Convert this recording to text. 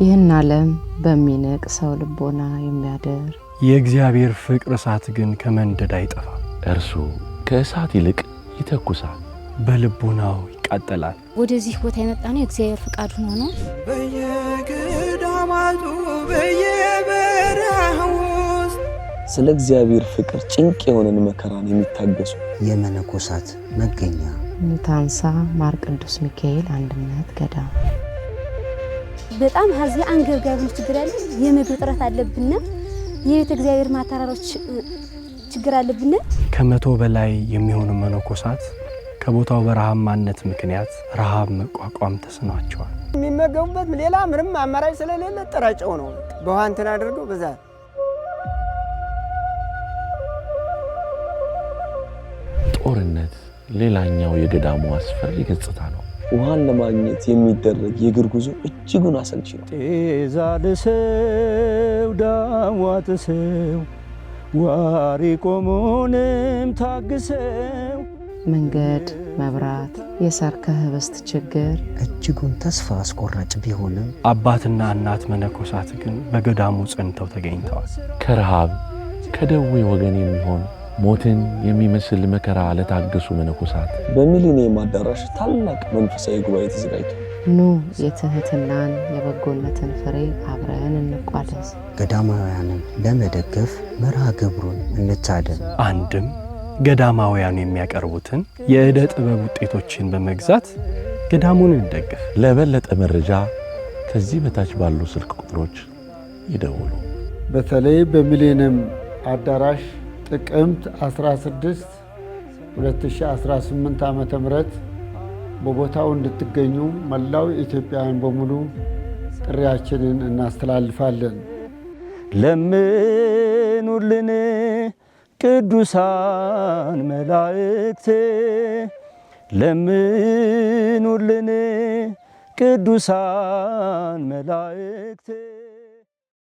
ይህን ዓለም በሚንቅ ሰው ልቦና የሚያደር የእግዚአብሔር ፍቅር እሳት ግን ከመንደድ አይጠፋም። እርሱ ከእሳት ይልቅ ይተኩሳል፣ በልቦናው ይቃጠላል። ወደዚህ ቦታ የመጣ ነው የእግዚአብሔር ፍቃድ ሆኖ በየገዳማቱ በየበረሃው ውስጥ ስለ እግዚአብሔር ፍቅር ጭንቅ የሆነን መከራን የሚታገሱ የመነኮሳት መገኛ ንታንሳ ማር ቅዱስ ሚካኤል አንድነት ገዳም በጣም ሀዚ አንገብጋቢ ችግር አለ። የምግብ እጥረት አለብን። የቤተ እግዚአብሔር ማተራሮች ችግር አለብን። ከመቶ በላይ የሚሆኑ መነኮሳት ከቦታው በረሃማነት ምክንያት ረሃብ መቋቋም ተስኗቸዋል። የሚመገቡበት ሌላ ምንም አማራጭ ስለሌለ ጥራጨው ነው በውሃ እንትን አድርገው በዛ ጦርነት ሌላኛው የገዳሙ አስፈሪ ገጽታ ነው። ውሃን ለማግኘት የሚደረግ የእግር ጉዞ እጅጉን አሰልች ነው። ጤዛ ልሰው ዳዋ ጥሰው ዋሪ ቆሞንም ታግሰው መንገድ መብራት የሰርከ ህብስት ችግር እጅጉን ተስፋ አስቆራጭ ቢሆንም አባትና እናት መነኮሳት ግን በገዳሙ ጸንተው ተገኝተዋል። ከረሃብ ከደዌ ወገን የሚሆን ሞትን የሚመስል መከራ ለታገሱ መነኮሳት በሚሊኒየም አዳራሽ ታላቅ መንፈሳዊ ጉባኤ ተዘጋጅቷል። ኑ የትህትናን የበጎነትን ፍሬ አብረን እንቋደስ። ገዳማውያንን ለመደገፍ መርሃ ግብሩን እንታደም። አንድም ገዳማውያኑ የሚያቀርቡትን የዕደ ጥበብ ውጤቶችን በመግዛት ገዳሙን እንደግፍ። ለበለጠ መረጃ ከዚህ በታች ባሉ ስልክ ቁጥሮች ይደውሉ። በተለይ በሚሊኒየም አዳራሽ ጥቅምት 16 2018 ዓ.ም በቦታው እንድትገኙ መላው ኢትዮጵያውያን በሙሉ ጥሪያችንን እናስተላልፋለን። ለምኑልን ቅዱሳን መላእክት፣ ለምኑልን ቅዱሳን መላእክቴ፣ ለምኑልን ቅዱሳን መላእክቴ።